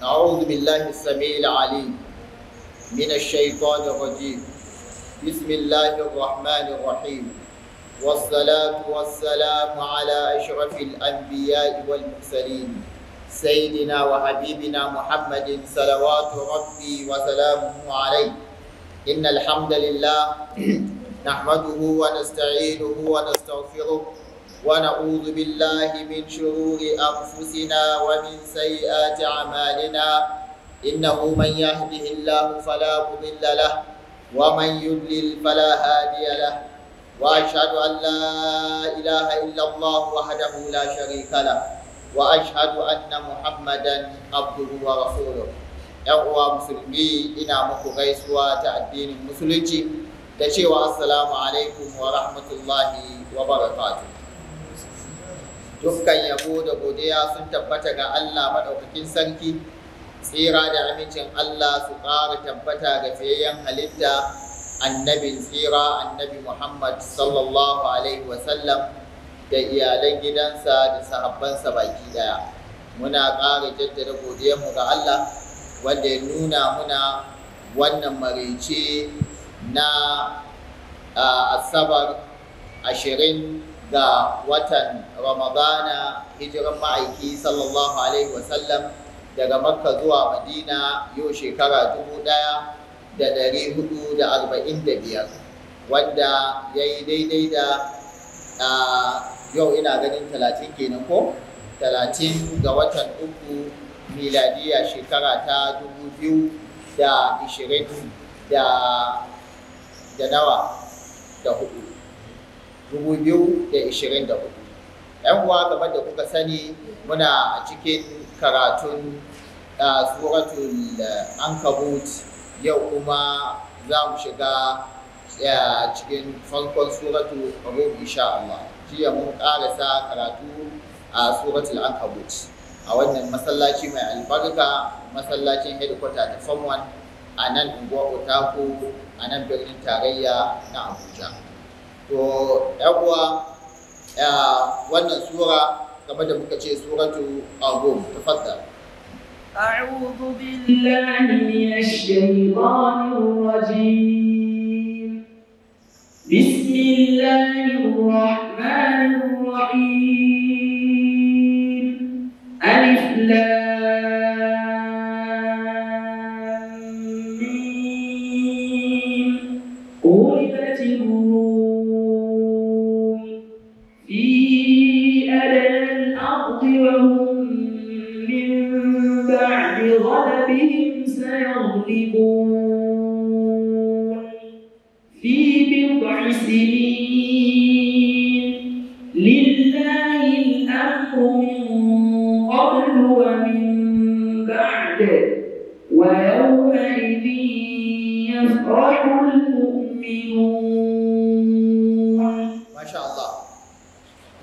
أعوذ بالله السميع العليم من الشيطان الرجيم بسم الله الرحمن الرحيم والصلاة والسلام على أشرف الأنبياء والمرسلين سيدنا وحبيبنا محمد صلوات ربي وسلامه عليه إن الحمد لله نحمده ونستعينه ونستغفره ونعوذ بالله من شرور أنفسنا ومن سيئات أعمالنا إنه من يهده الله فلا مضل له ومن يضلل فلا هادي له وأشهد أن لا إله إلا الله وحده لا شريك له وأشهد أن محمدا عبده ورسوله ‘Yan uwa musulmi ina muku gaisuwa ta addinin musulunci da cewa Assalamu alaikum wa rahmatullahi wa barakatuh. dukkan yabo da godiya sun tabbata ga Allah maɗaukakin sarki tsira da amincin Allah su ƙara tabbata ga tsayayyen halitta annabin tsira annabi Muhammad sallallahu alaihi wasallam da iyalan gidansa da sahabbansa baki daya muna ƙara jaddada godiyarmu ga Allah wanda ya nuna muna wannan marice na asabar ashirin ga watan ramadana hijiran ma'aiki sallallahu alaihi wasallam daga makka zuwa madina yau shekara dubu ɗaya da ɗari hudu da arba'in da biyar wanda ya yi daidai da yau ina ganin talatin kenan ko talatin ga watan uku miladiya shekara ta dubu biyu da ishirin da nawa da hudu 2024 'yan uwa kamar da kuka sani muna a cikin karatun suratul ankabut yau kuma za mu shiga cikin farkon suratul rum insha Allah jiya mun karasa karatu a suratul ankabut a wannan masallaci mai albarka masallacin headquarter ta form 1 a nan unguwar otaku a nan birnin tarayya na abuja to yawa wannan sura game da muka ce suratu agum tafaddal أعوذ بالله من الشيطان الرجيم بسم الله الرحمن الرحيم ألف لام بغلبهم سيغلبون في بضع سنين لله الأمر من قبل ومن بعد ويومئذ يفرح المؤمنون ما شاء الله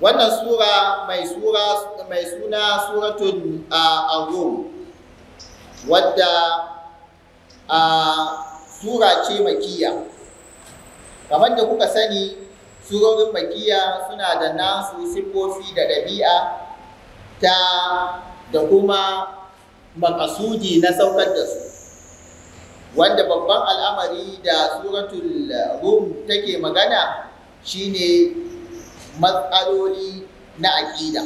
wannan sura ميسوره sura سوره suna suratul wadda a sura ce makiya kamar da kuka sani surorin makiya suna da nasu siffofi da ɗabi'a ta da kuma makasudi na saukar da su wanda babban al'amari da suratun rum take magana shine matsaloli na aƙida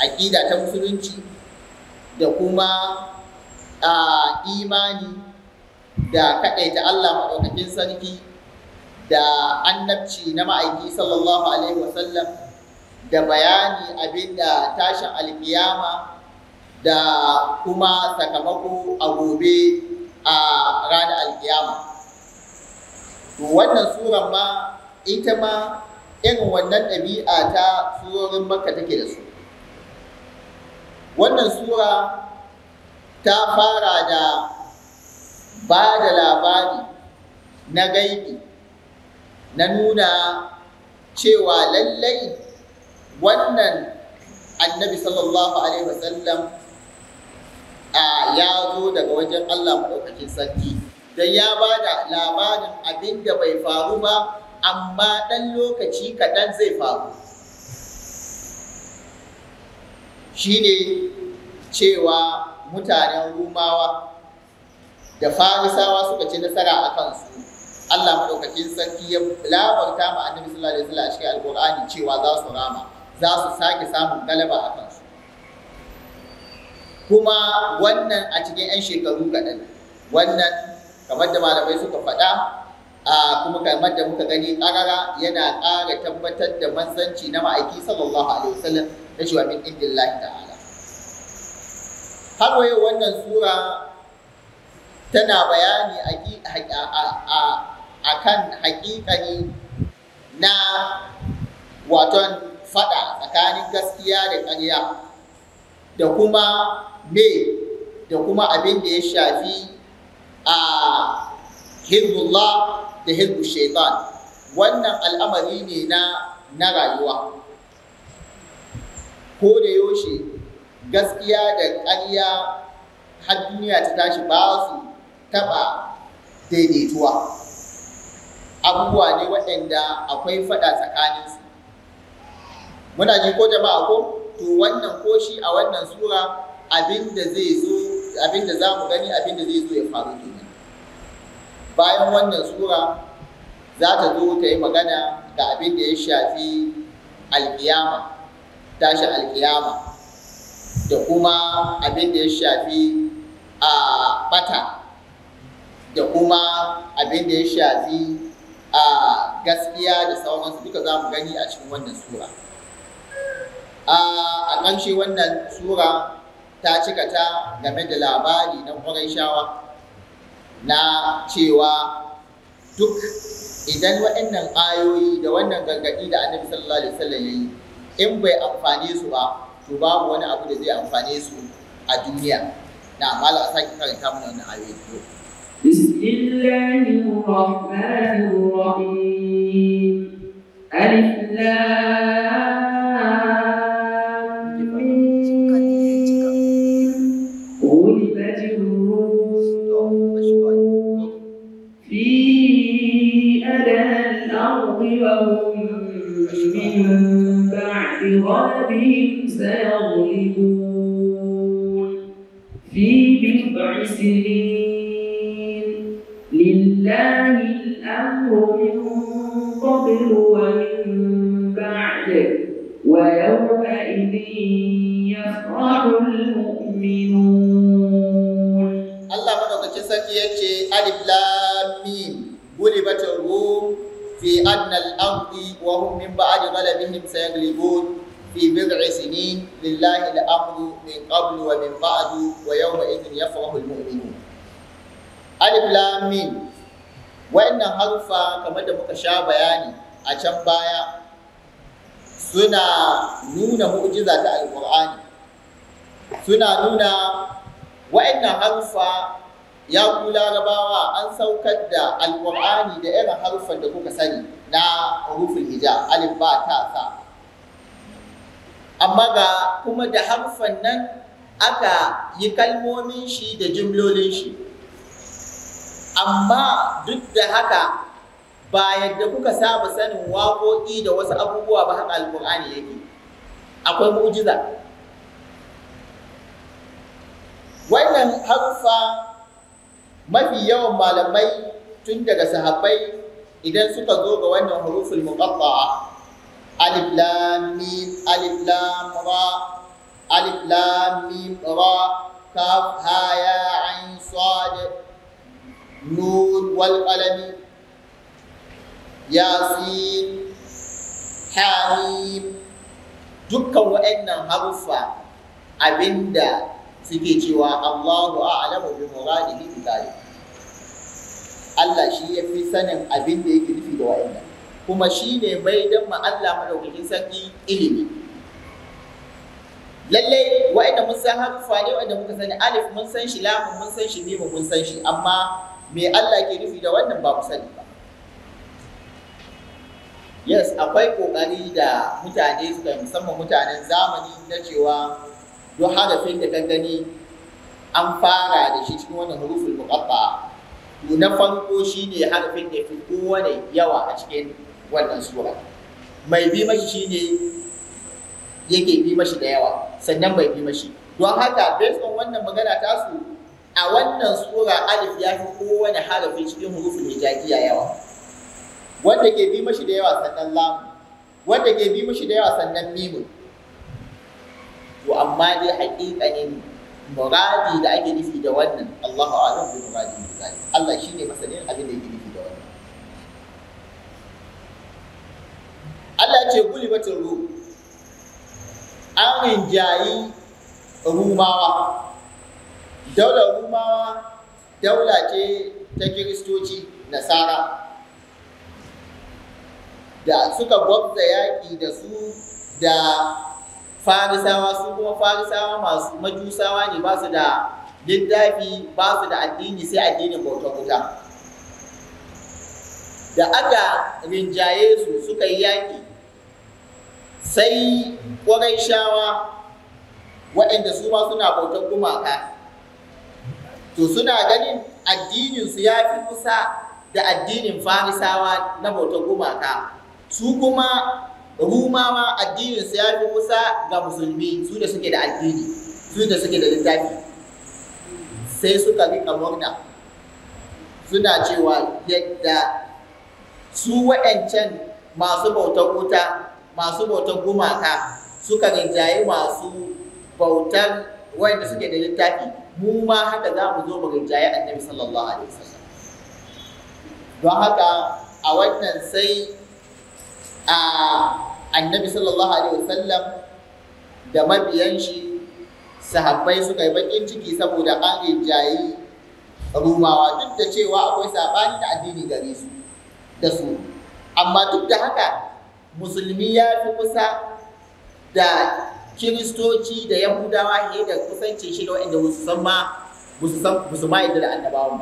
aƙida ta musulunci da kuma a imani da kaɗaita Allah maɗaukakin sarki da annabci na ma'aiki sallallahu alaihi wasallam da bayani abinda da tashin alkiyama da kuma sakamako a gobe a ranar alkiyama. Wannan suran ma ita ma irin wannan ɗabi'a ta surorin makka take da su. wannan sura ta fara da ba da labari na gaibi na nuna cewa lallai wannan annabi sallallahu alaihi wasallam a ya zo daga wajen Allah maɗaukakin sarki don ya ba da labarin abin da bai faru ba amma ɗan lokaci kaɗan zai faru shine cewa mutanen rumawa da farisawa suka ci nasara a kansu Allah madaukakin sarki ya labarta ma annabi sallallahu alaihi wasallam a cikin alqur'ani cewa za su rama za su sake samun galaba a kansu kuma wannan a cikin 'yan shekaru kaɗan wannan kamar da malamai suka faɗa a kuma kamar da muka gani ƙarara yana ƙara tabbatar da manzanci na ma'aiki sallallahu alaihi wasallam ya wa min indillahi ta'ala har waye wannan sura tana bayani a kan haƙiƙani na waton faɗa tsakanin gaskiya da ƙarya da kuma me da kuma abin da ya shafi a hizbullah da hirbushetan. shaitan wannan al'amari ne na rayuwa ko da yaushe gaskiya da ƙarya har duniya ta tashi ba su taɓa daidaituwa abubuwa ne waɗanda akwai faɗa tsakaninsu muna ji ko jama'a ko to wannan ko shi a wannan sura abinda zai zo abinda za mu gani abinda zai zo ya faru kenan bayan wannan sura za ta zo ta yi magana ga abinda ya shafi alkiyama tashi alkiyama da kuma abin da ya shafi a bata da kuma abin da ya shafi a gaskiya da sauransu duka za mu gani a cikin wannan sura a ƙarshe wannan sura ta cika ta game da labari na shawa na cewa duk idan waɗannan ayoyi da wannan gargaɗi da annabi sallallahu alaihi wasallam ya yi in bai amfane su ba to babu wani abu da zai amfane su a duniya na amala a sake karanta mana wannan ayoyi بسم الله الرحمن الرحيم ألف غلبت الروم في أدنى الأرض وهم من ربهم سيغلبون في بضع سنين لله الأمر من قبل ومن بعد ويومئذ يفرح المؤمنون الله ما سكي يكي ألف لام ميم غلبت الروم في أدنى الأرض وهم من بعد غلبهم سيغلبون في بضع سنين لله الأمر من قبل ومن بعد ويومئذ يفرح المؤمنون ألف لام ميم وإن حرفا كما دمك شا بياني أشم بايا سنا نون معجزة القرآن سنا نون وإن حرفا ya ku larabawa an saukar da alƙur'ani da irin harufan da kuka sani na rufin hijab alif ba ta sa amma ga kuma da harfan nan aka yi kalmomin shi da jimlolin shi amma duk da haka ba yadda kuka saba sanin waƙoƙi da wasu abubuwa ba haka alƙur'ani yake akwai mu'jiza wannan harfa mafi yawan malamai tun daga sahabbai idan suka zo ga wannan huruful muqatta'a alif lam mim alif lam ra alif lam mim ra kaf ha ya ain sad nun wal qalam yasin hamim dukkan wa'annan haruffa abinda suke cewa Allahu a'lamu bi muradihi Allah shi ya fi sanin abinda yake nufi da wa'annan kuma shine mai don ma'alla Allah sarki ilimi lallai wa'anda mun san harfa ne wa'anda muka sani alif mun san shi lamun mun san shi mun san shi amma mai Allah ke nufi da wannan ba ku sani ba yes akwai kokari da mutane suka musamman mutanen zamani na cewa duk harafin da gangani an fara da shi cikin wannan huruful muqatta na farko ne harafin da fi kowane yawa a cikin wannan sura mai bi mashi ne yake bi mashi da yawa sannan mai bi mashi don haka based on wannan magana ta su. a wannan sura alif ya fi kowane harafi cikin hurufin hijajiya yawa wanda ke bi mashi da yawa sannan lam wanda ke bi mashi da yawa sannan mimun to amma dai haƙiƙanin muradi da ake nufi da wannan Allahu a'lam bi muradi Allah shine masanin abin Allah ce batin ru an rinjayi rumawa daular rumawa daula ce ta kiristoci nasara da suka gwamza yaƙi da su da farisawa su kuma farisawa masu majusawa ne ba su da littafi ba su da addini sai addinin bauta wuta da aka rinjaye su suka yi yaƙi sai shawa waɗanda su ma suna bautar gumaka to suna ganin addininsu ya fi kusa da addinin farisawa na bautar gumaka su kuma rumawa addininsu ya fi kusa ga musulmi su da suke da addini su da suke da littafi sai suka rika murna suna cewa yadda su waɗancan masu bautar wuta masu bautar gumaka suka rinjaye masu bautar wanda suke da littafi mu ma haka za mu zo mu rinjaye annabi sallallahu alaihi wasallam don haka a wannan sai a annabi sallallahu alaihi wasallam da mabiyan shi sahabbai suka yi bakin ciki saboda an rinjaye rumawa duk da cewa akwai sabani da addini gare su da su amma duk da haka musulmi ya fi kusa da kiristoci da yahudawa fiye da kusanci shi da waanda musu san ma yadda da annabawan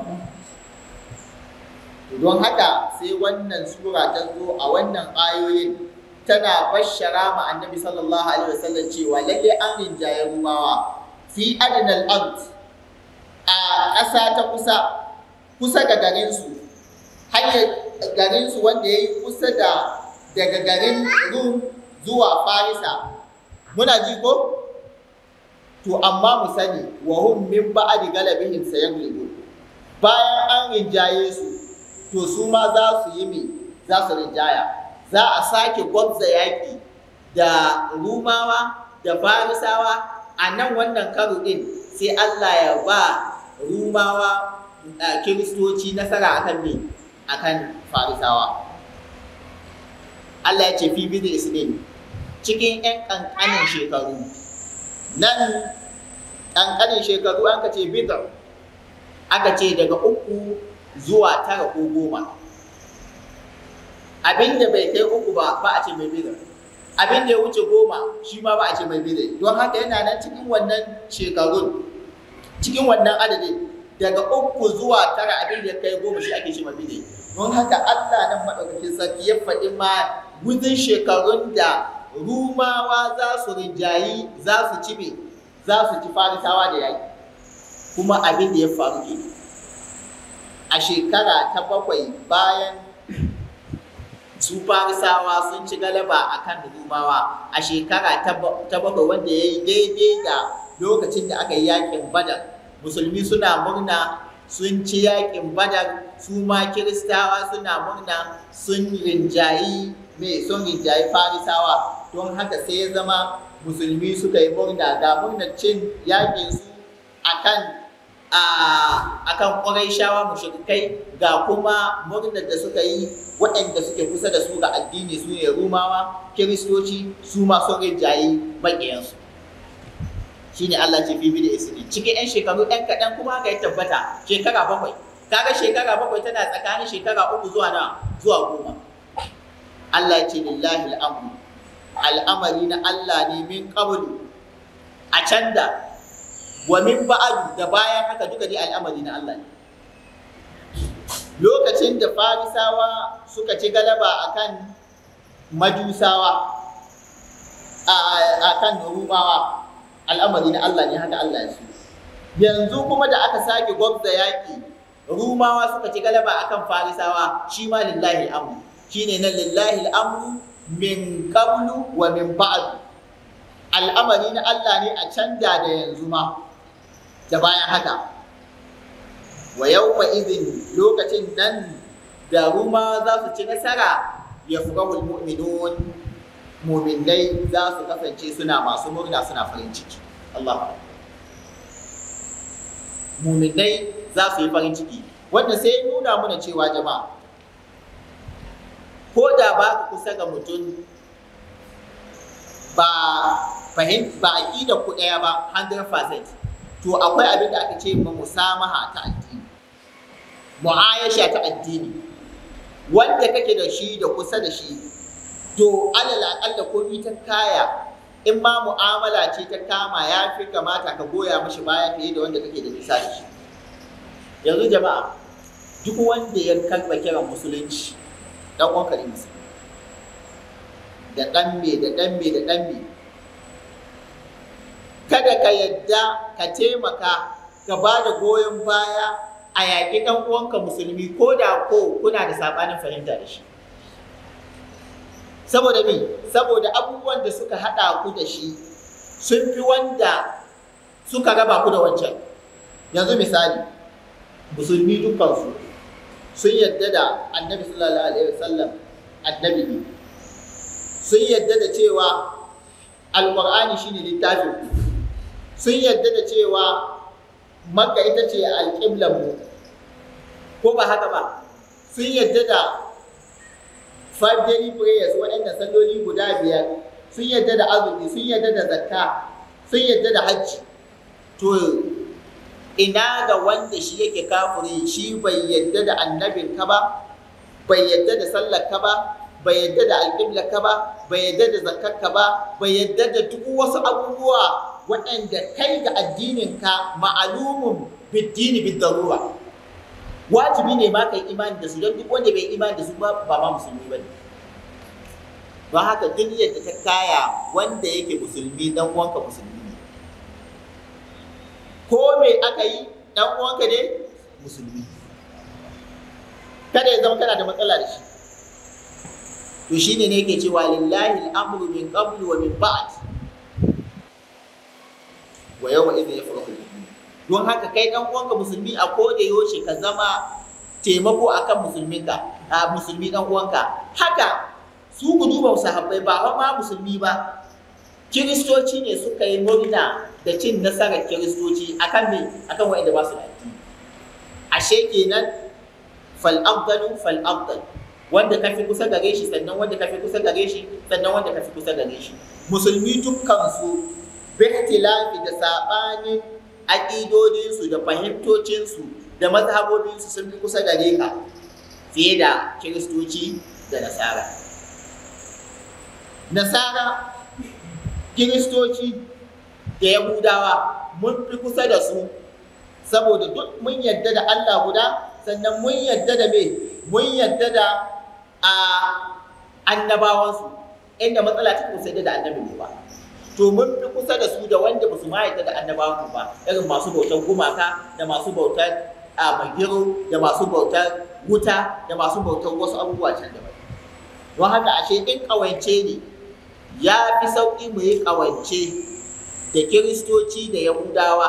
don haka sai wannan sura ta zo a wannan ayoyin tana bashara ma annabi sallallahu alaihi wasallam cewa lalle an rinjaye rumawa fi adnal ard a ƙasa ta kusa kusa ga garinsu hanyar garinsu wanda ya yi kusa da daga garin Rum zuwa Farisa muna ji ko to amma mu sani wa hum min ba'di galabihim sayaghlibu bayan an rinjaye su to su ma za su yi mi za su rinjaya za a sake gwabza yaƙi da rumawa da farisawa a nan wannan karo ɗin sai Allah ya ba rumawa eh, kiristoci nasara akan me akan farisawa Allah ya ce fi bi isnin cikin yan ƙanƙanin shekaru nan ƙanƙanin shekaru an ka ce bid'a aka ce daga uku zuwa tara ko goma abin da bai kai uku ba ba a ce mai bid'a abin da ya wuce goma shi ma ba a ce mai bid'a don haka yana nan cikin wannan shekarun cikin wannan adadin daga uku zuwa tara abin da kai goma shi ake shi mabide don haka Allah nan maɗaukakin sarki ya faɗi ma Gudun shekarun da rumawa za su rinjayi za su ci za su ci farisawa da yaƙi kuma abin da ya faru ke a shekara ta bakwai bayan su farisawa sun ci galaba a kan rumawa a shekara ta bakwai wanda ya yi daidai da lokacin da aka yi yaƙin badar musulmi suna murna sun ci yaƙin badar su ma kiristawa suna murna sun rinjayi mai son rinjaye farisawa don haka sai ya zama musulmi suka yi murna ga murnar cin yakin su akan a kan ƙwarai shawa mashirkai ga kuma murnar da suka yi waɗanda suke kusa da su ga addini su ne rumawa kiristoci su ma son rinjaye maƙiyansu ne Allah ce fifi da isini cikin 'yan shekaru 'yan kaɗan kuma haka ya tabbata shekara bakwai kaga shekara bakwai tana tsakanin shekara uku zuwa na zuwa goma Allah ce lillahi al'amru al'amari na Allah ne min qablu a can da wa min ba'adu da bayan haka duka ne al'amari na Allah ne lokacin da farisawa suka ci galaba akan majusawa a kan rumawa al'amari na Allah ne haka Allah ya so yanzu kuma da aka sake gwabza yaƙi rumawa suka ci galaba akan farisawa shi ma lillahi al'amru shine na lillahi al'amru min qablu wa min ba'd al'amari na Allah ne a canja da yanzu ma da bayan haka wa yawma idin lokacin nan da ruma za su ci nasara ya fuqahul mu'minun mu'minai za su kasance suna masu murna suna farin ciki Allah mu'minai za su yi farin ciki wanda sai nuna mana cewa jama'a ko da ba ka kusa ga mutum ba fahim ba da ku ɗaya ba 100% to akwai abin da aka ce ma musamaha ta addini mu'ayasha ta addini wanda kake da shi da kusa da shi to alal ko bi ta kaya in ma mu'amala ce ta kama ya fi kamata ka goya mishi baya fiye da wanda kake da nisa da shi yanzu jama'a duk wanda ya kalba kiran musulunci dan uwanka ne musulmi da dan me da dan me da dan me kada ka yadda ka taimaka ka ba da goyon baya a yaƙi ɗan uwanka musulmi ko da ko kuna da saɓanin fahimta da shi saboda me saboda abubuwan da suka haɗa ku da shi sun fi wanda suka raba ku da wancan yanzu misali musulmi dukkan su. sun yadda da annabi sallallahu alaihi wasallam annabi ne sun yadda da cewa alqur'ani shine littafin sun yadda da cewa makka ita ce alƙiblan mu ko ba haka ba sun yadda da five daily prayers waɗanda salloli guda biyar sun yadda da azumi sun yadda da zakka sun yadda da hajji to ina ga wanda shi yake kafiri shi bai yadda da annabin ka ba bai yadda da sallar ka ba bai yadda da alƙiblar ka ba bai yadda da zakkar ka ba bai yadda da duk wasu abubuwa waɗanda kai ga addinin ka ma'alumun biddini biddarura wajibi ne ma kai imani da su don duk wanda bai imani da su ba ba ma musulmi ba ne Ba haka duk yadda ta kaya wanda yake musulmi dan uwanka musulmi ko me aka yi ɗan uwanka ne musulmi kada ya zama kana da matsala da shi to shi ne ne ke cewa lillahi al min qablu wa min ba'd wa yawma idhin yafrahu al-mu'min don haka kai ɗan uwanka musulmi a koda yaushe ka zama taimako akan musulminka a musulmi ɗan uwanka haka su guduban sahabbai ba ma musulmi ba kiristoci ne suka yi murna da cin nasarar kiristoci akan me akan wa'anda ba su da addini ashe kenan fal afdalu fal afdal wanda ka fi kusa gare shi sannan wanda ka fi kusa gare shi sannan wanda ka fi kusa gare shi musulmi dukkan su bihtilafi da sabanin aƙidodinsu da fahimtocinsu da mazhabobinsu sun fi kusa gare ka fiye da kiristoci da nasara nasara kiristoci da yahudawa mun fi kusa da su saboda duk mun yadda da Allah guda sannan mun yadda da me mun yadda da a annabawansu inda matsala ta kusa da annabi ne ba to mun fi kusa da su da wanda ba su ma yadda da annabawanku ba irin masu bautar gumaka da masu bautar a magiro da masu bautar wuta da masu bautar wasu abubuwa can da don haka ashe in ƙawance ne ya fi sauƙi mu yi ƙawance da kiristoci da yahudawa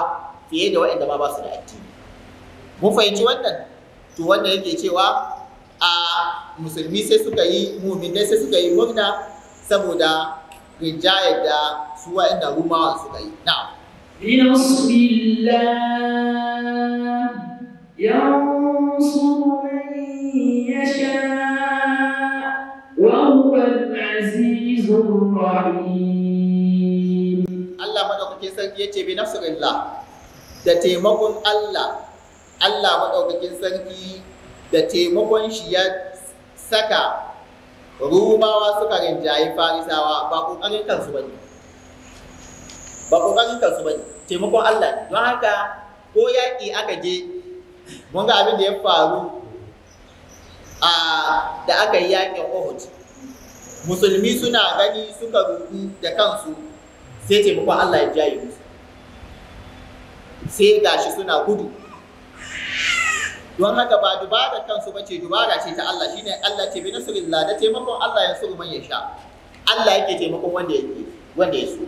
fiye da waɗanda ba su da addini mun fahimci wannan to wanda yake cewa a musulmi sai suka yi muminai sai suka yi murna saboda rinjayar da su waɗanda rumawa suka yi na يشاء وهو العزيز الرحيم maɗaukakin sarki ya ce bi nafsurillah da taimakon Allah Allah maɗaukakin sarki da taimakon shi ya saka rumawa suka rinjaye farisawa ba ƙoƙarin kansu ba ne ba ƙoƙarin kansu ba ne taimakon Allah ne don haka ko yaƙi aka je mun ga abin da ya faru a da aka yi yaƙin Uhud musulmi suna gani suka rudu da kansu sai taimakon Allah ya jaye musu sai gashi suna gudu don haka ba dubara kansu bace dubara ce ta Allah shine Allah ce bi nasrillah da taimakon Allah ya suru man ya sha Allah yake taimakon wanda ya wanda ya so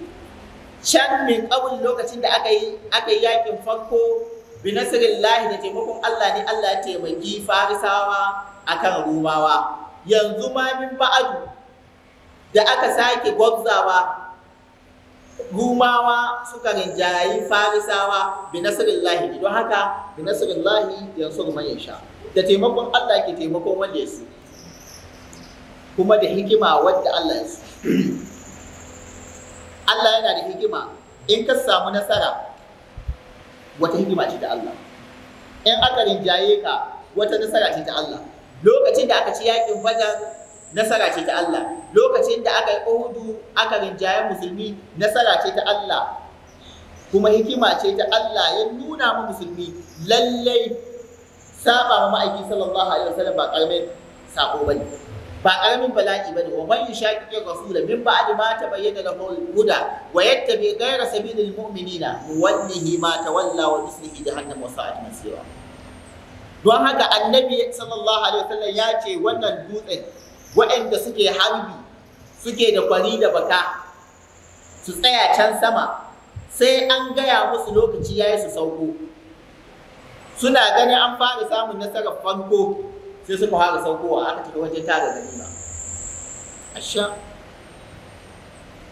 can min kawul lokacin da aka yi aka yi yakin farko bi nasrillah da taimakon Allah ne Allah ya taimaki farisawa akan rumawa yanzu ma min ba'adu da aka sake gwabzawa rumawa suka rinjayi farisawa bi nasrillahi don haka bi yanzu yansur man sha da taimakon Allah ke taimakon wanda ya su kuma da hikima wadda Allah ya su Allah yana da hikima in ka samu nasara wata hikima ce ta Allah in aka rinjaye ka wata nasara ce ta Allah lokacin da aka ci yakin badar nasara ce ta Allah lokacin da aka yi Uhudu aka rinjaye musulmi nasara ce ta Allah kuma hikima ce ta Allah ya nuna mu musulmi lallai saba ma ma'aiki sallallahu alaihi wasallam ba karamin sako bane ba karamin bala'i bane wa man yushaqiqi rasula min ba'di ma tabayyana lahu al-huda wa yattabi ghayra sabilil mu'minina wallahi ma tawalla wa nuslihi jahannam wa sa'at masira don haka annabi sallallahu alaihi wasallam ya ce wannan dutsen waɗanda suke harbi suke da kwari da baka su tsaya can sama sai an gaya musu lokaci ya yi su sauko suna ganin an fara samun nasarar farko sai suka fara saukowa aka tafi wajen tara ganima ashe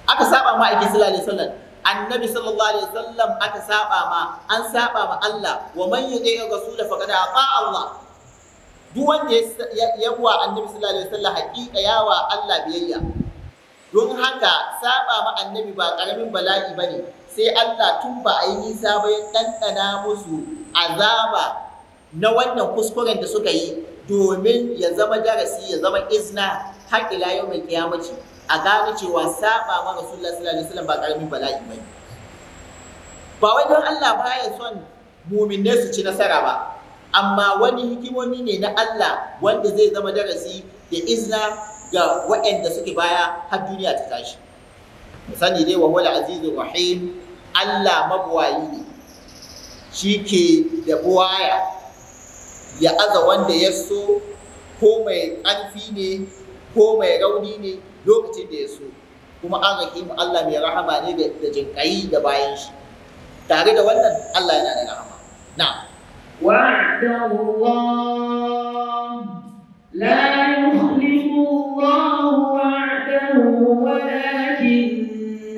aka saba ma aiki sallallahu alaihi annabi sallallahu alaihi wasallam aka saba ma an saba ma Allah wa man yuti rasula faqad ata Allah duk wanda ya wa annabi sallallahu alaihi wasallam haƙiƙa yawa Allah biyayya don haka saba ma annabi ba karamin bala'i bane sai Allah tun ba a yi nisa ba ya ɗanɗana musu azaba na wannan kuskuren da suka yi domin ya zama darasi ya zama izna har ila yau mai kiyamaci a gane cewa saba ma rasulullah sallallahu alaihi wasallam ba karamin bala'i bane ba wai don Allah baya son muminai su ci nasara ba amma wani hikimomi ne na Allah wanda zai zama darasi da izna ga waɗanda suke baya har duniya ta tashi sani dai wa huwa azizur rahim Allah mabwayi ne shi ke da buwaya ya aza wanda ya so ko mai ƙarfi ne ko mai rauni ne lokacin da ya so kuma an rahimu Allah mai rahama ne da jinƙayi da bayan shi tare da wannan Allah yana da rahama na'am وعد الله لا يخلف الله وعده ولكن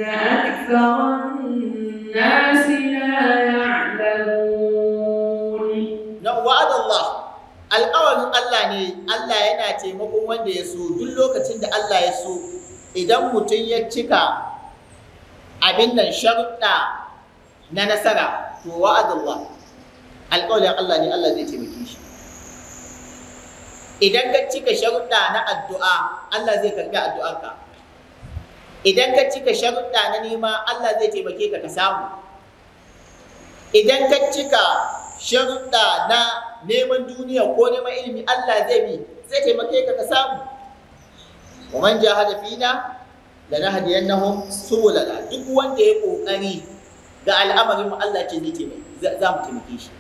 أكثر الناس لا يعلمون وعد الله alƙawarin Allah ne Allah yana taimakon wanda ya so duk lokacin da Allah ya so idan mutum ya cika abin nan sharuɗa na nasara to wa'adullah alƙawarin Allah ne Allah zai taimake shi idan ka cika sharuɗa na addu'a Allah zai karɓi addu'arka idan ka cika sharuɗa na nema Allah zai taimake ka ka samu idan ka cika sharuɗa na neman duniya ko neman ilimi Allah zai bi zai taimake ka ka samu wa man jahada fina lanahdiyannahum subulana duk wanda ya kokari ga al'amarin mu Allah ce zai taimake za mu taimake shi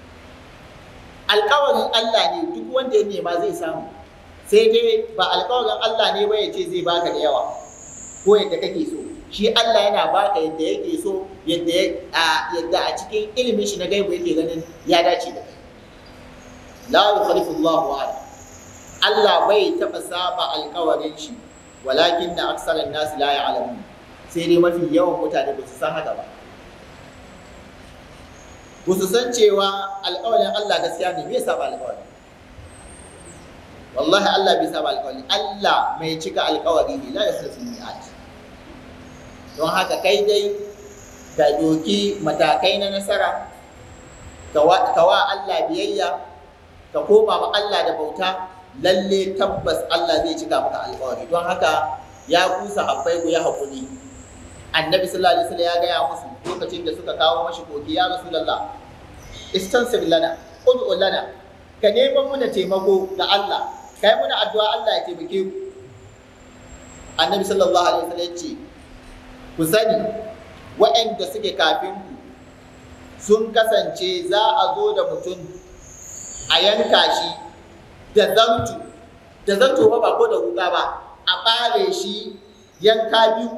alkawarin Allah ne duk wanda ya nema zai samu sai dai ba alkawarin Allah ne ba ya ce zai baka da yawa ko yadda kake so shi Allah yana baka yadda yake so yadda yadda a cikin ilimin shi na gaibu yake ganin ya dace da kai la yukhalifu Allahu ahad Allah bai taɓa saba alkawarin shi walakin na aksarar nasu la alamu. sai dai mafi yawan mutane ba su san haka ba ba su san cewa alƙawarin Allah gaskiya ne me yasa ba alƙawari wallahi Allah bai saba alƙawari Allah mai cika alƙawari ne la yasrifu mi'at don haka kai dai ka doki matakai na nasara ka wa Allah biyayya ka koma ma Allah da bauta lalle tabbas Allah zai cika maka alƙawari don haka ya kusa habbai ku ya haƙuri annabi sallallahu alaihi wasallam ya gaya musu lokacin da suka kawo mashi koki ya rasulullah istansir lana ud'u lana ka neman muna taimako ga Allah kai muna addu'a Allah ya taimake ku annabi sallallahu alaihi wasallam ya ce ku sani waɗanda suke kafin ku sun kasance za a zo da mutum a yanka shi da zantu da zantu ba ko da wuka ba a ɓare shi yanka biyu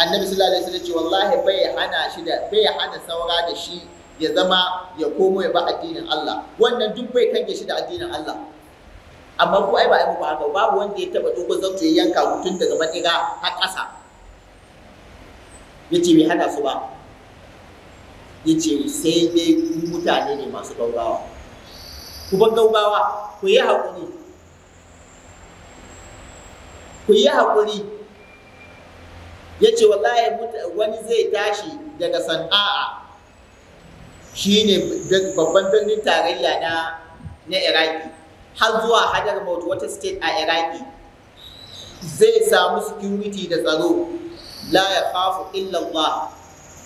annabi sallallahu alaihi wasallam ce wallahi bai hana shi da bai hana saura da shi ya zama ya komo ya ba addinin Allah wannan duk bai kange shi da addinin Allah amma ko ai ba ai muku haka babu wanda ya taba dogon zanto ya yanka mutum daga madiga har ƙasa yace bai hana su ba yace sai dai mutane ne masu gaugawa ku bar gaugawa ku yi haƙuri ku yi haƙuri ya ce wallahi wani zai tashi daga sana'a shi ne babban birnin tarayya na iraki har zuwa hadar mawut wata state a iraki zai samu security da tsaro la ya khafu illallah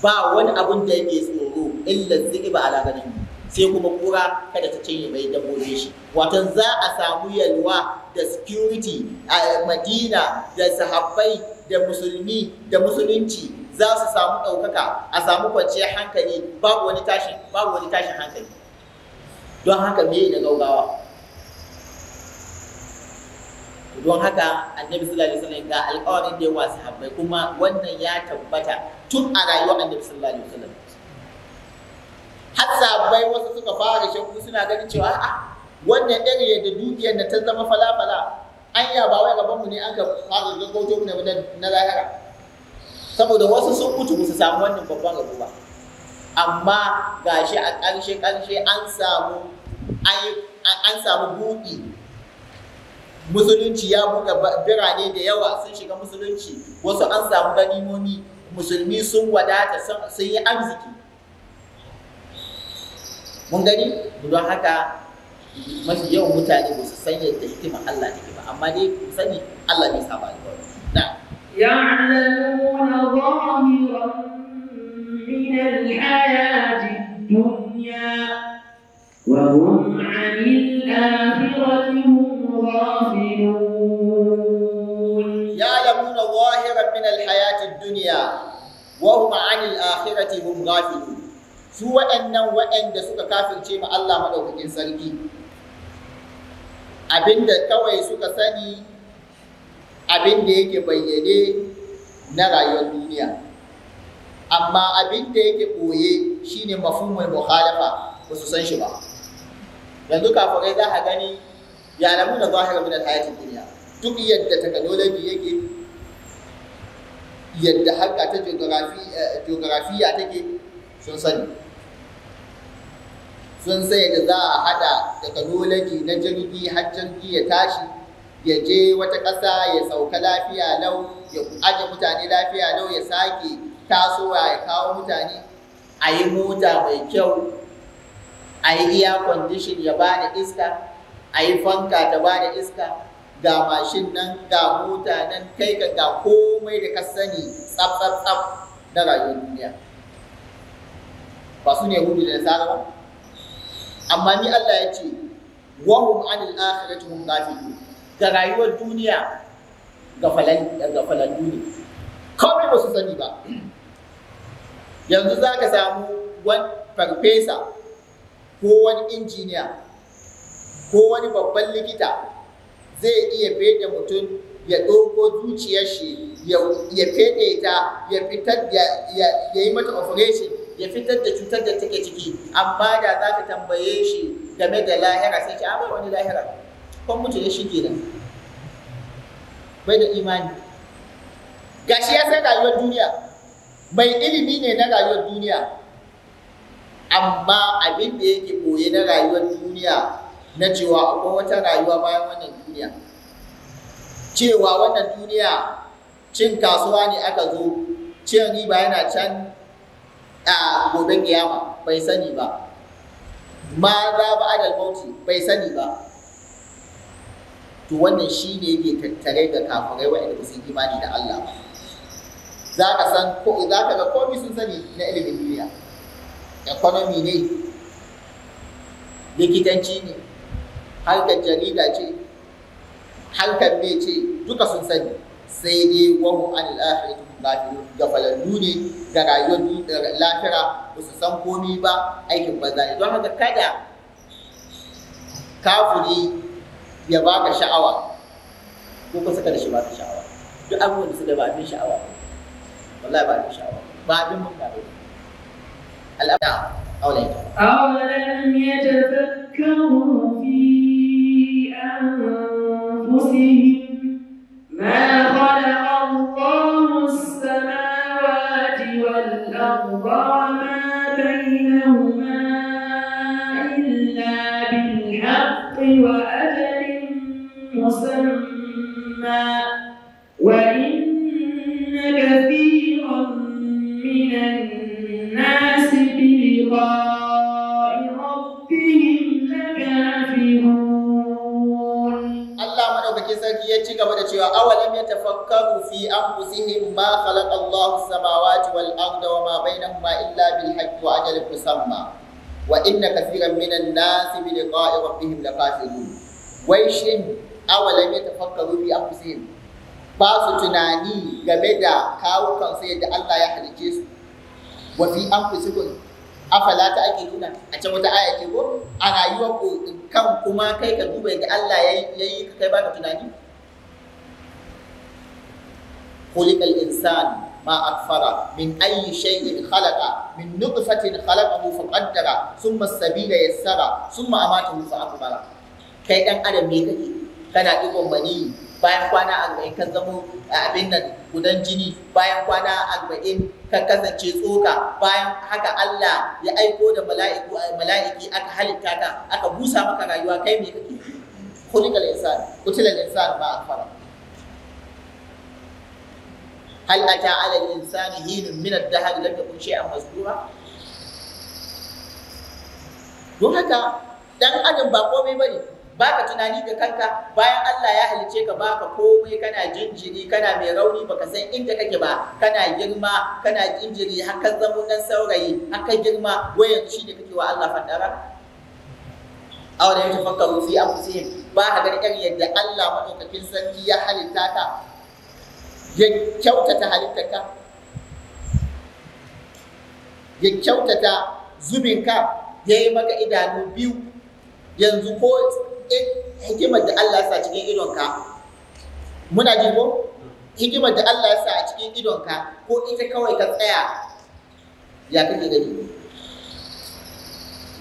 ba wani abun da yake tsoro illa ziba ala ganin sai kuma kura kada ta cinye mai dabbobi shi watan za a samu yalwa da security a madina da sahabbai da musulmi da musulunci za su samu ɗaukaka a samu kwanciyar hankali babu wani tashin babu wani tashin hankali don haka me da gaugawa don haka annabi sallallahu alaihi wasallam ga alƙawarin da yawa sahabbai kuma wannan ya tabbata tun a rayuwar annabi sallallahu alaihi wasallam har sahabbai wasu suka fara shakku suna ganin cewa a'a wannan ɗari da dukiyar da ta zama falafala anya ba wai gaban mu ne aka fara gaggauto mu na lahira saboda wasu sun mutu su samu wannan babban rabo ba amma gashi a ƙarshe ƙarshe an samu an samu buɗi musulunci ya buga birane da yawa sun shiga musulunci wasu an samu ganimomi musulmi sun wadata sun yi arziki mun gani don haka mafi yawan mutane ba su san yadda hikimar Allah take ba amma dai ku sani Allah bai saba da wani na يعلمون ظاهرا من الحياة الدنيا وهم عن الآخرة هم غافلون يعلمون ظاهرا من الحياة الدنيا وهم عن الآخرة هم غافلون سوى أن وأن سوى كافر شيء الله ما لو كان سلبي abinda kawai suka sani abinda yake bayyane na rayuwar duniya amma abinda yake ɓoye shine mafumin mukhalafa ba su san shi ba yanzu kafin za a gani ya lamu da zahira min alhayatin duniya duk yadda technology yake yadda harka ta geografiya eh, take sun sani sun sai da za a hada teknoloji na jirgi har jirgi ya tashi ya je wata ƙasa ya sauka lafiya lau ya aje mutane lafiya lau ya sake tasowa ya kawo mutane a yi mota mai kyau a yi iya kwandishin ya ba da iska a yi fanka ta ba da iska ga mashin nan ga mota nan kai ka ga komai da ka sani tsaf tsaf na rayuwar duniya ba su ne hudu da nasara ba amma ni Allah ya ce wahum anil akhirati hum ghafilun ga rayuwar duniya ga falan ga duniya kawai ba su sani ba yanzu za ka samu wani farfesa ko wani injiniya ko wani babban likita zai iya fede mutum ya ɗauko zuciyar shi ya fede ta ya fitar ya yi mata operation ya fitar da cutar da take ciki amma da za ka tambaye shi game da lahira sai ce amma wani lahira kwan mutu ya shige nan bai da imani gashi ya san rayuwar duniya mai ilimi ne na rayuwar duniya amma abin da yake koye na rayuwar duniya na cewa akwai wata rayuwa bayan wannan duniya cewa wannan duniya cin kasuwa ne aka zo cin riba yana can a gobe kiyama bai sani ba ma za ba adal mauti bai sani ba to wannan shi ne ke tattare da kafirai waɗanda ba su imani da Allah ba za ka san ko za ka ga komi sun sani na ilimin duniya economy ne likitanci ne harkar jarida ce harkar me ce duka sun sani sai dai wahu an al'akhirati gafilun gafalallu ne ga rayuwar lafira ba su san komi ba aikin banza ne don haka kada kafuri ya baka sha'awa ko ka saka da shi baka sha'awa duk abubuwan da suka ba abin sha'awa wallahi ba abin sha'awa ba abin mun ba al'ada aulaita awalan yatafakkaru fi anfusihim يتفكروا في أنفسهم ما خلق الله السماوات والأرض وما بينهما إلا بالحق وأجل مسمى وإن كثيرا من الناس بلقاء ربهم لكافرون ويشن أولم يتفكروا في أنفسهم ba su tunani game da kawukan sai yadda Allah ya halice su wa fi anfusikum afala ta ake nuna a can wata aya ke ko a rayuwar ku kan kuma kai ka duba yadda Allah ya yi ka kai baka tunani خلق الإنسان ما أكفر من أي شيء خلق من نطفة خلقه فقدر ثم السبيل يسر ثم أماته فأقبر كي أن أدم يكفي كان يقوم مني bayan kwana arba'in ka zamo abin nan gudan jini bayan kwana arba'in ka kasance tsoka bayan haka Allah ya aiko da mala'iku mala'iki aka halitta ka aka busa maka rayuwa kai me kake kulikal hal ata ala al-insani hinun min ad-dahr lam yakun don haka dan adam ba komai bane baka tunani ga kanka bayan Allah ya halice ka baka komai kana jinjiri kana mai rauni baka san inda kake ba kana girma kana jinjiri har ka zama dan saurayi har ka girma wayan shi ne kake wa Allah fadara aw da yatafakkaru fi anfusihim ba ha ga irin yadda Allah madaukakin sarki ya halitta ka ya kyautata halittarka ya kyautata zubinka ya yi maka idanu biyu yanzu ko hikimar da Allah sa cikin idonka muna ji ko hikimar da Allah sa a cikin idonka ko ita kawai ka tsaya ya kake gani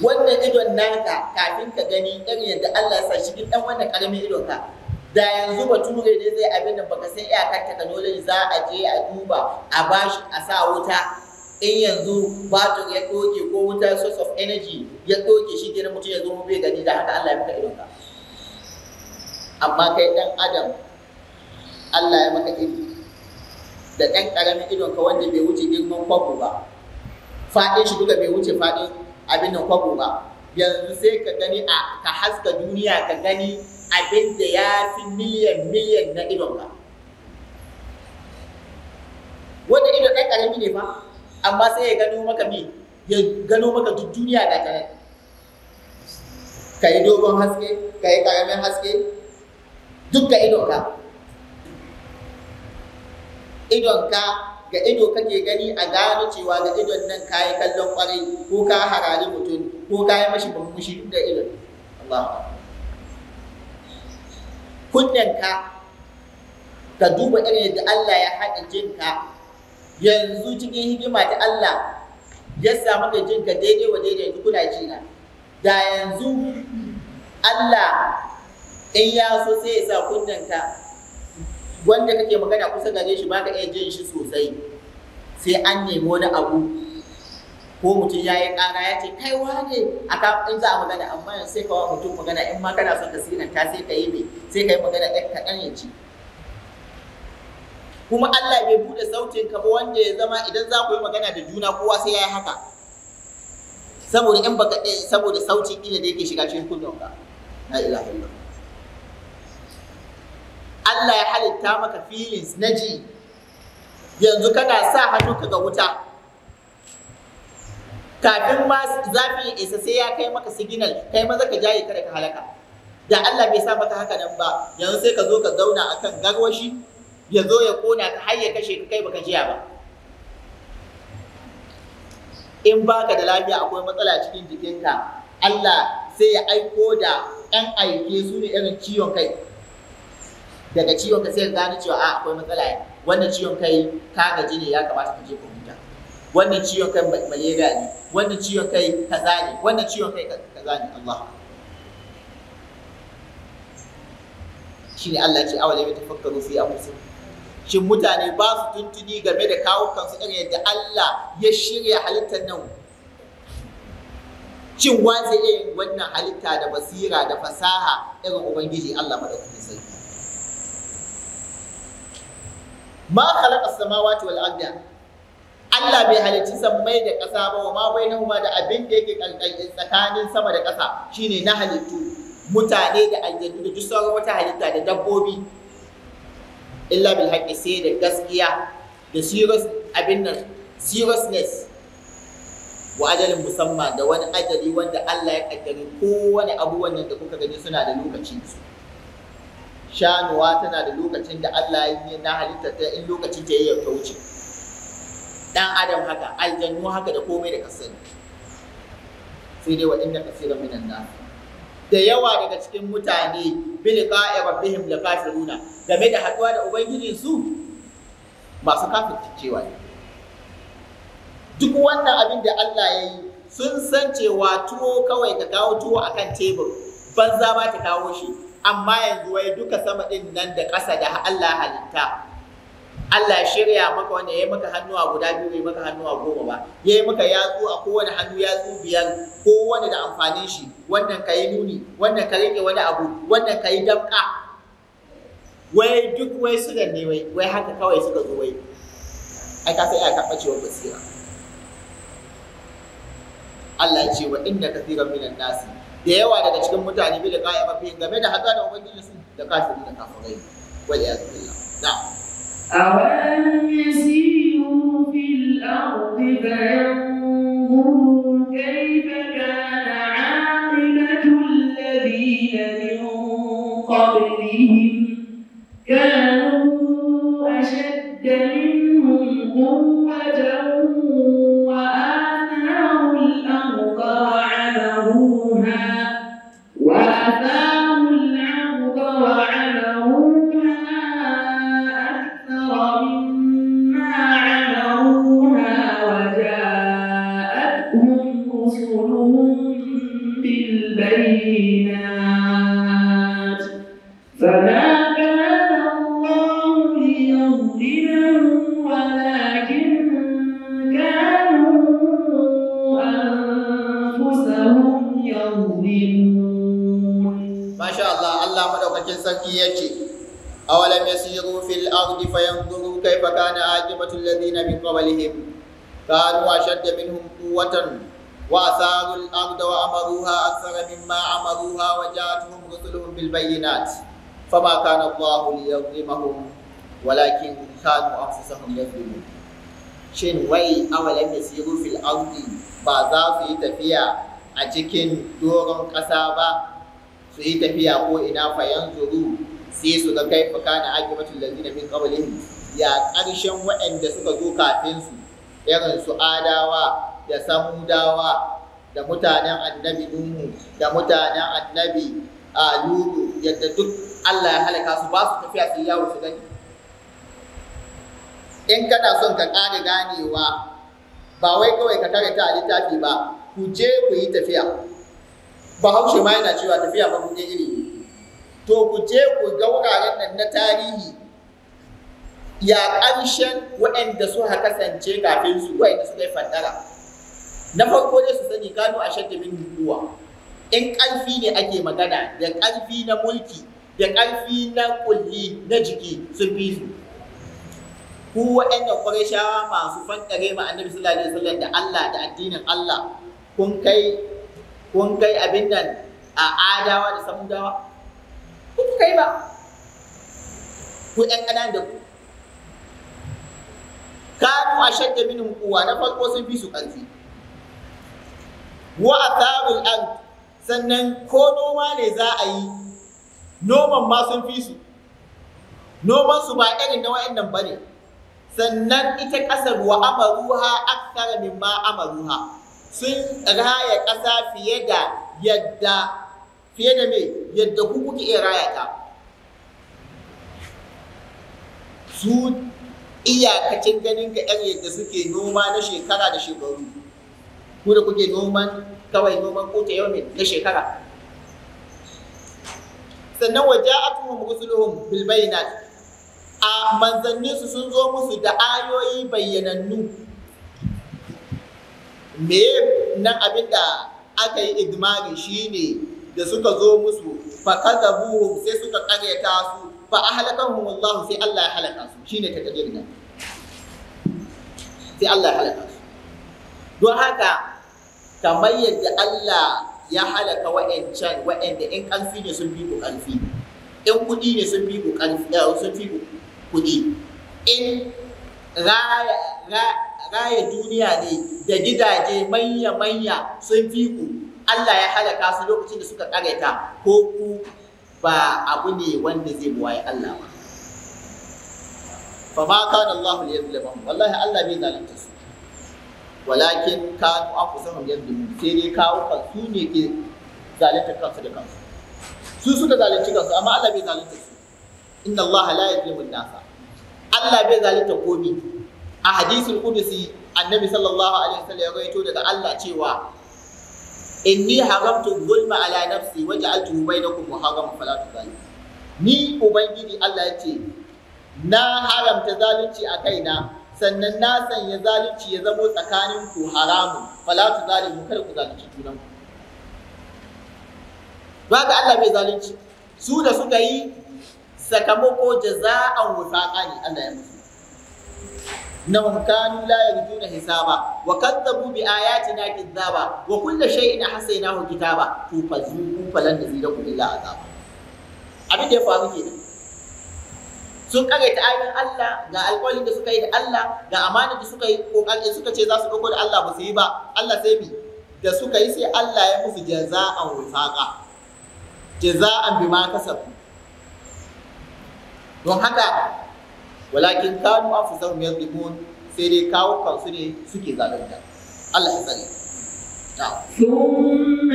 wannan idon naka kafin ka gani irin yadda Allah sa cikin dan wannan karamin idonka da yanzu bature ne zai abin da baka san iyakar technology za a je a duba a bashi a sa wuta in yanzu batun ya doke ko wuta source of energy ya doke shi kenan mutum ya zo bai gani da haka Allah ya maka ka. amma kai dan adam Allah ya maka ido da ɗan ƙaramin idonka wanda bai wuce girman kwabo ba faɗin shi duka bai wuce faɗin abin nan kwabo ba yanzu sai ka gani a ka haska duniya ka gani abinda ya fi miliyan miliyan na idon ba wanda ido ɗan ƙarami ne ba amma sai ya gano maka mi ya gano maka duk duniya da ta ka yi dogon haske ka yi ƙaramin haske duk ka. idonka ka, ga ido kake gani a gano cewa ga idon nan ka yi kallon ƙwarai ko ka harari mutum ko ka yi mashi bambushi duk da idon Allah kunyanka ka duba irin yadda Allah ya haɗa jinka yanzu cikin hikima ta Allah ya samu da jinka daidai wa daidai yanzu kuna jina da yanzu Allah in ya so sai ya sa kunyanka wanda kake magana kusa gare shi ba ka iya jin shi sosai sai an nemo wani abu ko mutum ya yi ƙara ya ce kai wane a kafin za a magana amma yanzu sai kawai mutum magana in ma kana son tasirin ta sai ka yi ne sai ka yi magana ɗan kaɗan ya ci kuma Allah bai buɗe sautin ka ba wanda ya zama idan za ku yi magana da juna kowa sai ya yi haka saboda in baka eh, saboda sautin ila da yake shiga cikin kullum ka la ilaha Allah ya halitta maka feelings na ji yanzu kana sa hannu ga wuta kafin ma zafi ya isa sai ya kai maka signal kai maza ka jaye kada ka halaka da Allah bai sa maka haka nan ba yanzu sai ka zo ka zauna akan garwashi ya zo ya kona ka har ya kashe ka kai baka jiya ba in baka da lafiya akwai matsala cikin jikinka Allah sai ya aiko da ɗan aike su ne irin ciwon kai daga ciwon ka sai ka gane cewa a ah, akwai matsala wannan ciwon kai ka gaji ne ya kamata ka je kuma wannan ciwon kai malaria ne wannan ciwon kai kaza ne wannan ciwon kai kaza ne Allah shine Allah ce awalai tafakkaru fi anfusihim shin mutane ba su tuntuni game da kawo kansu irin yadda Allah ya shirya halittar nan shin wa zai iya yin wannan halitta da basira da fasaha irin ubangiji Allah madaukakin sarki ma khalaqa samawati wal arda Allah bai halicci sammai da ƙasa ba wa ma bainahuma da abin da yake tsakanin sama da ƙasa shine na halittu mutane da aljannu da duk sauran wata halitta da dabbobi illa bil haqqi sai da gaskiya da serious abin nan seriousness wa ajalin musamman da wani ajali wanda Allah ya kaddare kowane abubuwan da kuka gani suna da lokacin su shanuwa tana da lokacin da Allah ya yi na halitta ta in lokacin ta ya wuce dan adam haka aljannu haka da komai da kasani sai dai waɗanda kasiran minan nas da yawa daga cikin mutane bilqa'i rabbihim lakafiruna game da haɗuwa da ubangiji su masu kafircewa ne duk wannan abin da Allah ya yi sun san cewa tuwo kawai ka kawo tuwo akan tebur banza ba ta kawo shi amma yanzu wai duka sama ɗin nan da ƙasa da Allah halitta Allah ya shirya maka wanda ya maka hannuwa guda biyu bai maka hannuwa goma ba ya maka yatsu a kowane hannu yatsu biyar kowane da amfanin shi wannan ka yi nuni wannan ka rike wani abu wannan ka yi dabka wai duk wai su ne wai wai haka kawai suka zo wai ai ka sai ya taɓa cewa basira Allah ya ce wa inda kafiran minan nasi da yawa daga cikin mutane bi da qa'ima mafi game da hada da ubangiji su da kafiri da kafirai wal yazbillah na'am أولم يسيروا في الأرض فينظروا كيف كان عاقبة الذين من قبلهم كانوا أشد منهم قوة وآخر قالوا أشد منهم قوة وأثاروا الأرض وأمروها أكثر مما أمروها وجاءتهم رسلهم بالبينات فما كان الله ليظلمهم ولكن كانوا أنفسهم يظلمون shin wai awalan yasiru fil ardi ba za su yi tafiya a cikin doron ƙasa ba su yi tafiya ko ina fayan zuru sai su ga kai fa kana aqibatul ya ƙarshen waɗanda suka zo kafin su irin su adawa da samudawa da mutanen annabi nuhu da mutanen annabi a lulu yadda duk Allah ya halaka su ba su tafiya su yawo su gani in kana son ka ƙara ganewa ba wai kawai ka tare ta a littafi ba ku je ku yi tafiya bahaushe ma yana cewa tafiya ba je iri to ku je ku ga wuraren nan na tarihi ya ƙanshen waɗanda suka kasance kafin su waɗanda suka yi fadara na farko dai su sani kano a shadda min nubuwa in ƙarfi ne ake magana da ƙarfi na mulki da ƙarfi na kulli na jiki sun fi su ku waɗannan ƙwarishawa masu fankare ma annabi sallallahu alaihi wasallam da Allah da addinin Allah kun kai kun kai abin nan a adawa da samudawa kun kai ba ku ɗan ƙanan da ku kanu shadda minin kuwa na farko sun fi su ƙarfi wa tsarin an sannan ko noma ne za a yi noman ma sun fi su noman su ba irin na ba ne, sannan ita ƙasar wa amaruha akthara mimma amaruha sun raya ƙasa fiye da yadda fiye da me yadda ku kuke iya raya ta su iyakacin ganin ka yan yadda suke noma na shekara da shekaru ku da kuke noman kawai noman kota yau na shekara sannan waje atuhum rusuluhum bil bayinat a manzannin su sun zo musu da ayoyi bayyanannu me nan da aka yi idmari shine da suka zo musu buhu sai suka karyata su fa a ahlakahum Allah sai Allah ya halaka su shi shine takdir nan sai Allah ya halaka su don haka kamar yadda Allah ya halaka wa'ancan wa'anda in ƙarfi ne sun fi ku ƙarfi in kuɗi ne sun bi ku ƙarfi eh, sun fi ku kuɗi in raya duniya ne da gidaje manya-manya sun fi ku Allah ya halaka su lokacin da suka ƙareta ko ku ba abu ne wanda zai buwaye Allah ba fa ma kana Allah ya liyadhlimahum wallahi Allah bai zalunta su walakin kanu anfusahum yadhlimun sai ne kawo kansu ne ke zalunta kansu da kansu su suka zalunci kansu amma Allah bai zalunta su inna Allah la yadhlimun nasa Allah bai zalunta komi a hadisin qudsi annabi sallallahu alaihi wasallam ya gaito daga Allah cewa inni haramtu zulma ala nafsi wa ja'altuhu bainakum muharraman fala tuzalimu ni ubangiji Allah yace na haramta zalunci a kaina sannan na sanya zalunci ya zamo tsakanin ku haramun fala tuzalimu kada ku zalunci junan ku ba ga Allah bai zalunci su da suka yi sakamako jaza'an wufaqa ne Allah ya musu إنهم كانوا لا يرجون حسابا وكذبوا بآياتنا كذابا وكل شيء حصيناه كتابا فذوقوا فلن نزيدكم إلا عذابا abin da ya faru kenan sun ta ayoyin Allah ga alƙawarin da suka yi da Allah ga amanar da suka yi kokarin suka ce za su dauko da Allah ba su yi ba Allah sai bi da suka yi sai Allah ya musu jaza'an wifaqa jaza'an ma kasabu don haka walakin kanu anfusahum yadhlimun sai dai kawo kansu ne suke zalunta Allah ya sani. ثم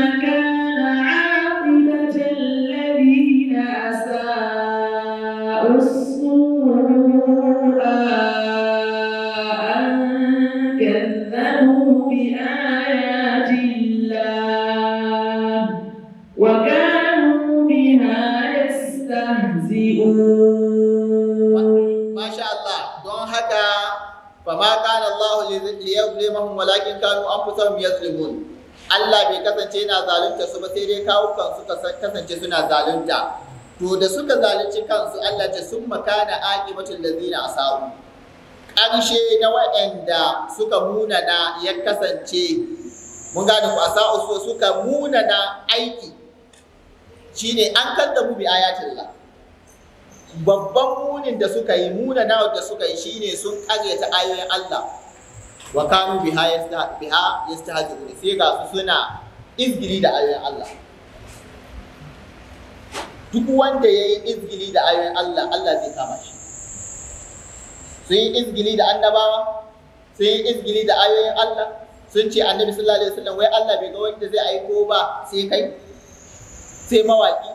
Allah liyazlimahum walakin kanu anfusahum yazlimun Allah bai kasance yana zalunta su ba sai dai kawo kansu kasance suna zalunta to da suka zalunci kansu Allah ce sun makana aqibatul ladina asabu ƙarshe na waɗanda suka munana ya kasance mun gane ku asa'u so suka munana aiki shine an mu bi Allah babban munin da suka yi munana da suka yi shine sun karyata ayoyin Allah wa kanu biha biha yastahzi'una sai ga su suna izgili da ayoyin Allah duk wanda yayi izgili da ayoyin Allah Allah zai kama shi sun yi izgili da annabawa sun yi izgili da ayoyin Allah sun ce annabi sallallahu alaihi wasallam wai Allah bai ga wanda zai aiko ba sai kai sai mawaki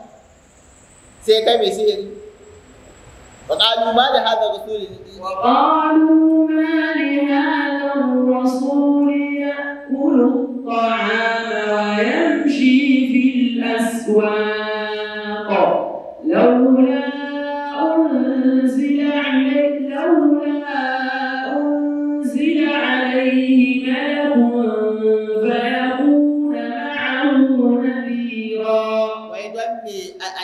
sai kai mai sihiri وقالوا ما لهذا الرسول وقالوا ما لهذا الرسول يأكل الطعام ويمشي في الأسواق لولا أنزل عليه لولا أنزل عليه ملك فيكون معه نذيرا وإذا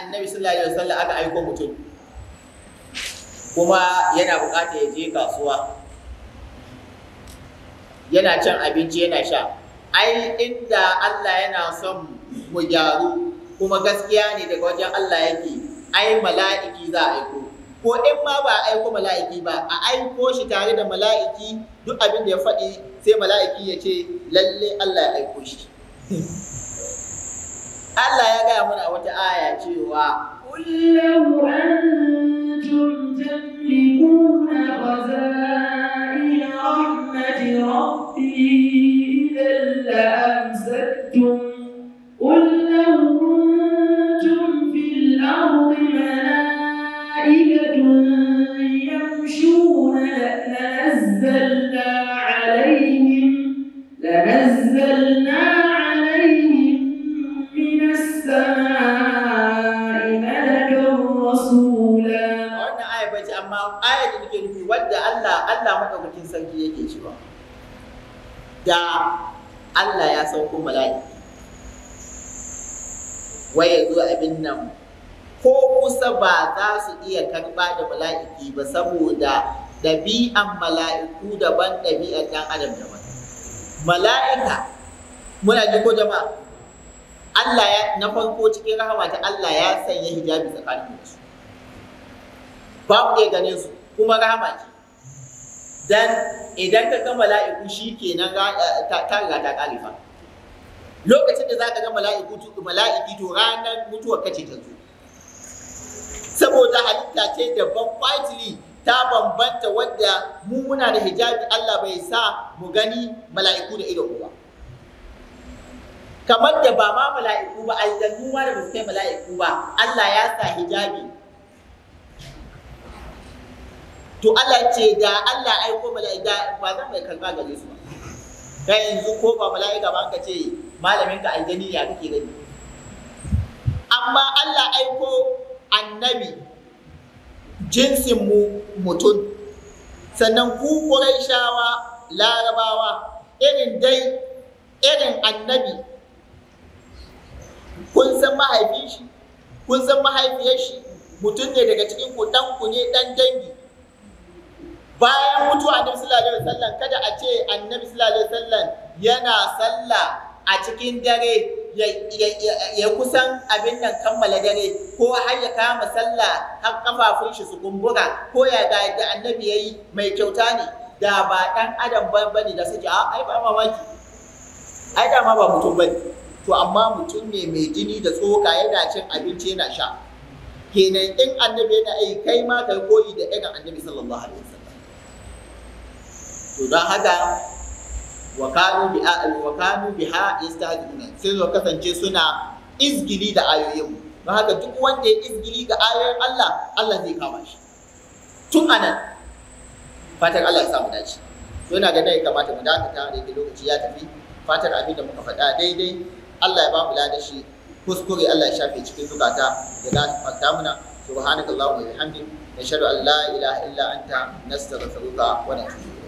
النبي صلى الله عليه وسلم أنا أيكم kuma yana bukata ya je kasuwa yana cin abinci yana sha ai inda Allah yana son mu gyaru kuma gaskiya ne daga wajen Allah yake ai mala'iki za a aiko ko in ma ba a aiko mala'iki ba a aiko shi tare da mala'iki duk abin da ya faɗi sai mala'iki ya ce lalle Allah ya aiko shi Allah ya gaya mana wata aya cewa kullahu antum tamlikuna khaza'ina rahmati rabbi idan la amsaktum za su iya karɓa da mala'iki ba saboda ɗabi'an mala'iku daban ɗabi'an ɗan adam daban mala'ika muna ji ko jama'a Allah ya na farko cikin rahama ta Allah ya sanya hijabi tsakanin su ba mu iya ganin su kuma rahama ce dan idan ka ga mala'iku shi kenan eh, ta riga ta kalifa lokacin da za ka ga mala'iku mala'iki to ranar mutuwar kace ta zo saboda halitta ce daban quietly ta bambanta wadda mu muna da hijabi Allah bai sa mu gani mala'iku da ido ba kamar da ba ma mala'iku ba aljannu ma da ba kai mala'iku ba Allah ya sa hijabi to Allah ce da Allah aiko mala'ika ba zan mai karba gare su ba kai yanzu ko ba mala'ika ba ka ce malamin ka aljani ya kake gani amma Allah aiko annabi jinsin mu mutum sannan ku shawa larabawa irin dai irin annabi kun san mahaifin shi kun san mahaifiyar shi mutum ne daga cikin ku dan ku ne dan dangi bayan mutuwa annabi sallallahu alaihi wasallam kada a ce annabi sallallahu alaihi wasallam yana sallah a cikin dare ya kusan abin nan kammala dare ko har ya kama sallah har kafafun shi su kumbura ko ya ga da annabi yayi mai kyauta ne da ba dan adam ban bane da suke a ah, ai ba mamaki ai da ma ba mutum bane to amma mutum ne mai jini da tsoka yana cin abinci yana sha kenan in annabi yana ai kai ma kai koyi da irin annabi sallallahu alaihi wasallam to dan haka wa kanu bi wa kanu biha yastahzi'una sai zo kasance suna izgili da ayoyin mu don haka duk wanda ya izgili ga ayoyin Allah Allah zai kama shi tun anan fatar Allah ya samu dace to ina ga ya kamata mu dakata da yake lokaci ya tafi Fatar abin da muka faɗa daidai Allah ya ba mu ladashi kuskure Allah ya shafe cikin zukata ya gafarta muna subhanakallahumma wa bihamdik nashhadu an la ilaha illa anta nastaghfiruka wa natubu